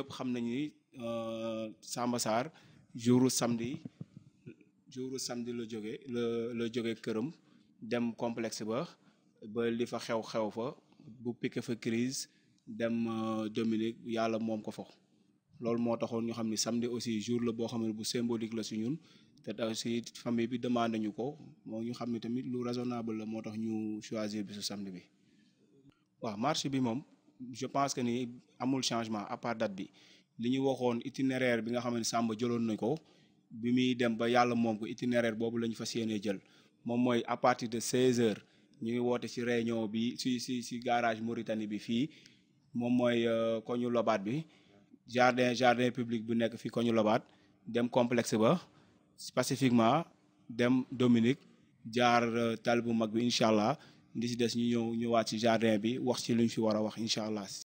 ñëpp xam nañu ni euh, Samba Sarr jouru samedi jouru la jóge la la jóge këram dem complexe ba ba li fa xew xew fa bu piqué fa crise dem euh, Dominique yàlla moom ko fa loolu moo taxoon ñu xam ni samedi aussi jour la boo xam ne bu symbolique la si ñun te aussi famille bi demandé ñu ko moo ñu xam ne tamit lu raisonnable la moo tax ñu choisir bi su samedi bi waaw marché bi moom je pense que ni amul changement à part bi li ñu waxoon itinéraire bi nga xam ne Samba jëloon nañ ko bi muy dem ba yàlla moom ko itinéraire boobu la ñu fas yéenee jël moom mooy à partir de 16h ñuy woote ci réunion bi si si si garage Mauritanie bi fii moom mooy euh, koñu lobaat bi jardin jardin public bu nekk fii koñu lobaat dem complexe ba pacifiquement dem Dominique jaar euh, tal bu mag bi incha allah. di si des ñu ñëw ñëwaat ci jardin bi wax ci luñ fi war a wax incha allah